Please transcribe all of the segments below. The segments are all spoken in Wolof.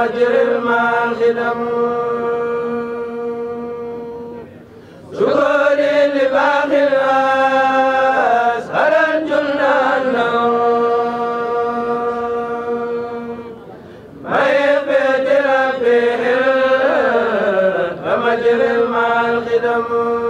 مجرى الماء الخدم شكري لباقي الأسهر الجنان ما يفتر فيه فمجرى الماء الخدم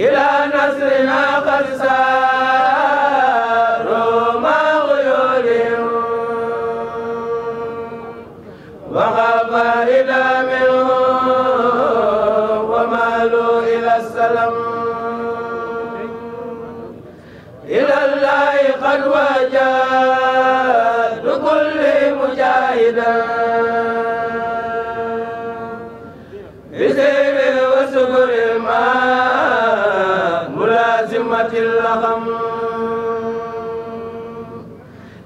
إلى نصرنا قد ساروا مع غيورهم وغاب إلى منهم ومالوا إلى السلام إلى الله قد وجد كل مجاهدا بسير اللغم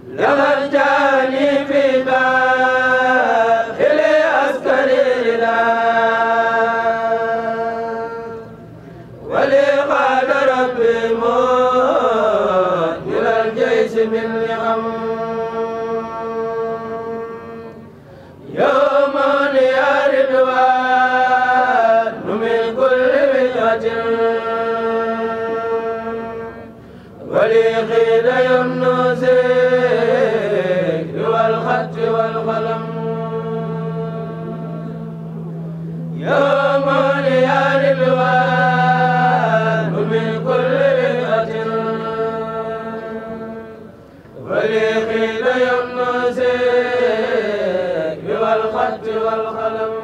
لها الجاني في باء في الأسكر لا ولي وليقيل يمن زيد والخط والقلم يا مولي الوان من كل بدعة وليقيل يمن زيد والخط والقلم